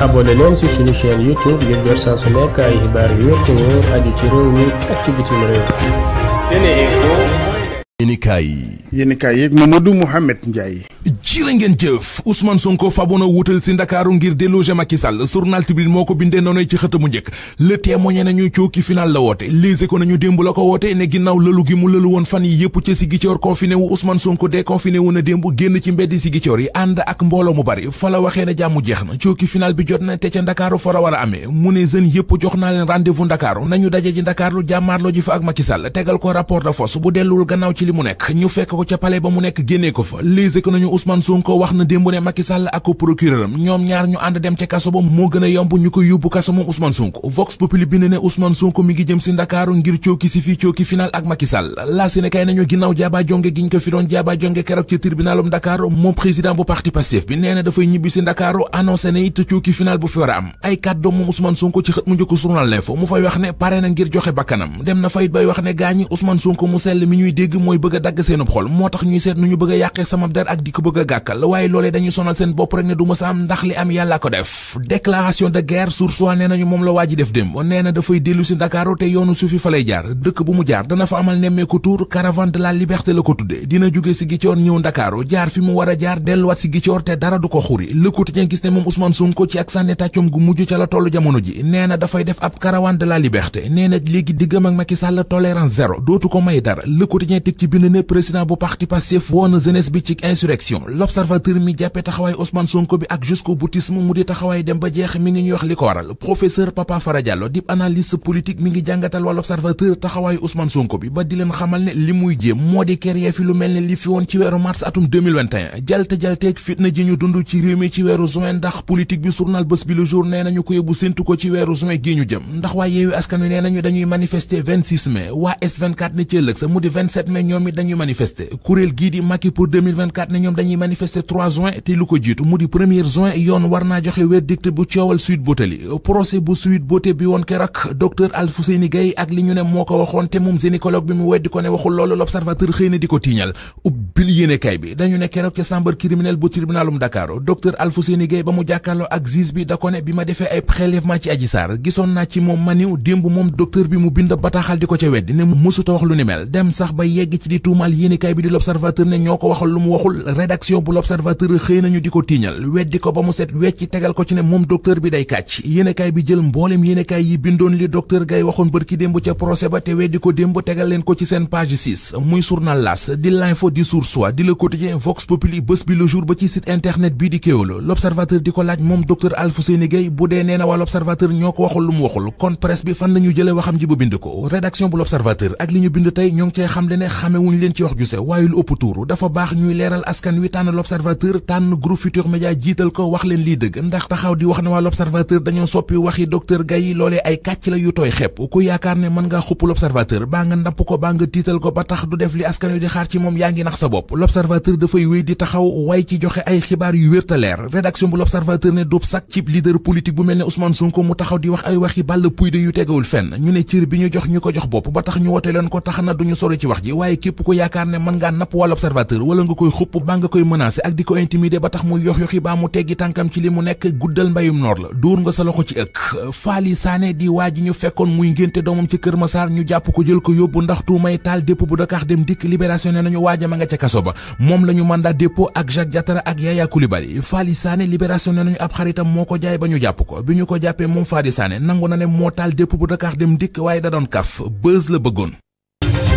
abonné leen ci suñu chaîne YouTube ngir jot saa ay xibaar yu wér te wóor aju ci réew mi ak ci bitim réew. yéenekaay yi. yéenekaay yeeg Mamadou Mouhamed Ndiaye. jërë ngeen jëf Ousmane Sonko faboon a wutal si Ndakaaru ngir déloger Macky Sall journal Tribune moo ko bindee noonu ci xët mu njëkk Le Témoin nañu cooki final la woote Les Échos nañu démb la ko woote ne ginnaaw lëlu gi mu lëlu woon fan yi yëpp ca Ziguinchor confiné wu Ousmane Sonko déconfiné wu na démb génn ci mbeddi Ziguinchor yi ànd ak mbooloo mu bari fa la waxee ne jàmm jeex na cooki final bi jot na te ca Ndakaaru fa la war a amee mu ne jeunes yëpp jox naa leen rendez-vous Ndakaaru nañu daje ji Ndakaaru jàmmaarloo ji fa ak Macky Sall tegal ko rapport de force bu delluwul gannaaw ci li mu nekk ñu fekk ko ca palais ba mu nekk génnee ko fa léegi ko nañu Ousmane Sonko wax na démb ne Macky Sall ak ko procureur ñoom ñaar ñu ànd dem ca kaso ba moo gën a yomb ñu ko yóbbu kaso moom Ousmane Sonko Vox Populi ngi jëm si Ndakaaru ngir cooki si fii cooki final ak Macky Sall laa kay nañu ginnaaw jaaba jonge giñ ko fi doon jaaba keroog ca tribunalum Dakar moom président bu parti Pastef bi nee na dafay ñibbi si Ndakaaru annoncé ne it mooy bëgg a dagg seenub xol moo tax ñuy seet nu ñu bëgg a yàqee sama der ak di ko bëgg a gàkkal waaye loolee dañuy sonal seen bopp rek ne du ma sa ndax li am yàlla ko def déclaration de guerre sursoir nee nañu moom la waa def démb nee na dafay a jaar delluwaat si Ziguinchor te dara du la tollu jamono def ab caravane de la liberté na léegi diggam ak Macky Sall tolérance zéro dootu ko may dara Le Quotidien teg ci bind ne président bu parti Pastef woo na bi ci insurrection l'observateur mi jàppee taxawaay Ousmane Sonko bi ak jusqu'au boutisme mu di taxawaay dem ba jeex mi ngi ñuy wax li ko waral professeur Papa Fara Diallo dib analyste politique mi ngi jàngatal wàllu observateur taxawaayu Ousmane Sonko bi ba di leen xamal ne li muy jéem moo di créer fi lu mel ne li fi woon ci weeru mars atum 2021 jalte jalteeg fitna ji ñu dund ci réew mi ci weeru juin ndax politique ñoom it dañuy kuréel gii di Macky pour ne ñoom dañuy manifester 3 juin te lu ko jiitu mu di 1er yoon war naa joxe verdict bu coowal Sweet Beauté li bu Sweet Beauté bi woon keroog docteur Alfousseyni Gaye ak li ñu ne moo ko waxoon te moom gynécologue bi mu weddi ko ne waxul loolu l'observateur xëy na di ko tiiñal ubbil yéene kay bi dañu ne keroog ca chambre criminelle bu tribunalum Dakar docteur Alfousseyni Gaye ba mu jàkkaarloo da mu bind bataaxal Wàdd di tuumaal yéenekaay bi di l'Observateur ne ñoo ko waxal lu mu waxul rédaction bu l'Observateur xëy li docteur bind ko rédaction bu l'Observateur ak li ñu bind tey ñoo cee xamle ne xame wuñ leen ci wax ju sew waaye lu ëpp tuuru dafa baax ñuy leeral askan wi tànn l'observateur tànn groupe futur média jiital ko wax leen lii dëgg ndax taxaw di wax na waa l'observateur dañoo soppi waxi docteur Gaye loolee ay kàcc la yu tooy xepp ku yaakaar ne mën ngaa xupp l'observateur baa nga ndapp ko baa nga ko ba tax def li askan wi di xaar ci moom yaa ngi nax sa bopp l'observateur dafay wéy di taxaw way ci joxe ay xibaar yu wér te leer rédaction bu l'observateur ne dóob sax cib leader politique bu mel ne Ousmane Sonko mu taxaw di wax ay waxi bàll puy de yu tegawul fenn ñu ne cër bi ñu jox ñu ko jox bopp ba tax ñu leen ko tax na duñu sori ci wax ji waaye képp ko yaakaar ne man ngaa napp wàll observateur wala nga koy xupp baa nga koy menacer ak di ko intimider ba tax mu yox yoxi baa mu teggi tànkam ci li mu nekk guddal mbayum noor la dóor nga sa loxo ci ëkk Faly Sané di waa ji ñu fekkoon muy ngénte doomam ci Kër Massar ñu jàpp ko jël ko yóbbu ndax tuumay taal dépp bu Dakar dem dikk libération ne nañu waaja ma nga ca kaso ba moom la ñu mandat dépôt ak Jacques Diattara ak Yaya Coulibaly Faly Sané libération ne nañu ab xaritam moo ko jaay ba ñu jàpp ko bi ñu ko jàppee moom Faly Sané nangu na ne moo taal dépôt bu Dakar dem dikk waaye da doon kaf bës la bëggoon